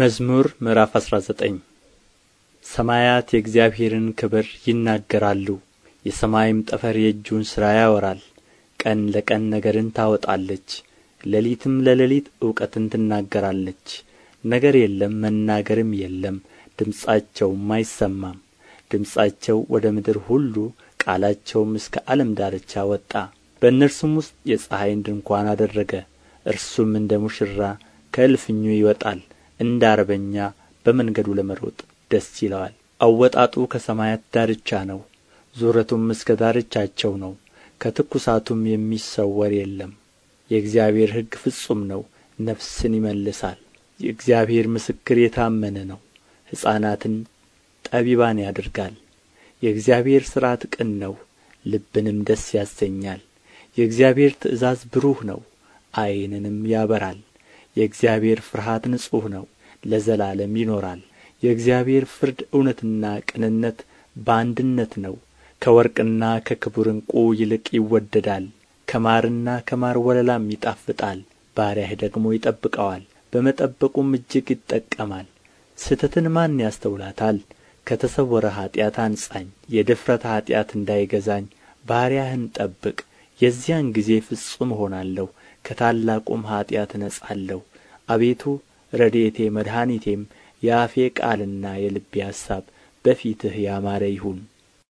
መዝሙር ምዕራፍ አስራ ዘጠኝ ሰማያት የእግዚአብሔርን ክብር ይናገራሉ፣ የሰማይም ጠፈር የእጁን ሥራ ያወራል። ቀን ለቀን ነገርን ታወጣለች፣ ሌሊትም ለሌሊት እውቀትን ትናገራለች። ነገር የለም መናገርም የለም፣ ድምፃቸውም አይሰማም። ድምፃቸው ወደ ምድር ሁሉ ቃላቸውም እስከ ዓለም ዳርቻ ወጣ። በእነርሱም ውስጥ የፀሐይን ድንኳን አደረገ፣ እርሱም እንደ ሙሽራ ከእልፍኙ ይወጣል። እንደ አርበኛ በመንገዱ ለመሮጥ ደስ ይለዋል። አወጣጡ ከሰማያት ዳርቻ ነው፣ ዙረቱም እስከ ዳርቻቸው ነው። ከትኩሳቱም የሚሰወር የለም። የእግዚአብሔር ሕግ ፍጹም ነው፣ ነፍስን ይመልሳል። የእግዚአብሔር ምስክር የታመነ ነው፣ ሕፃናትን ጠቢባን ያደርጋል። የእግዚአብሔር ሥርዓት ቅን ነው፣ ልብንም ደስ ያሰኛል። የእግዚአብሔር ትእዛዝ ብሩህ ነው፣ ዐይንንም ያበራል። የእግዚአብሔር ፍርሃት ንጹሕ ነው፣ ለዘላለም ይኖራል የእግዚአብሔር ፍርድ እውነትና ቅንነት በአንድነት ነው ከወርቅና ከክቡር ዕንቁ ይልቅ ይወደዳል ከማርና ከማር ወለላም ይጣፍጣል ባሪያህ ደግሞ ይጠብቀዋል በመጠበቁም እጅግ ይጠቀማል ስሕተትን ማን ያስተውላታል ከተሰወረ ኀጢአት አንጻኝ የድፍረት ኀጢአት እንዳይገዛኝ ባሪያህን ጠብቅ የዚያን ጊዜ ፍጹም እሆናለሁ ከታላቁም ኀጢአት እነጻለሁ አቤቱ ረድኤቴ መድኃኒቴም የአፌ ቃልና የልቤ ሐሳብ በፊትህ ያማረ ይሁን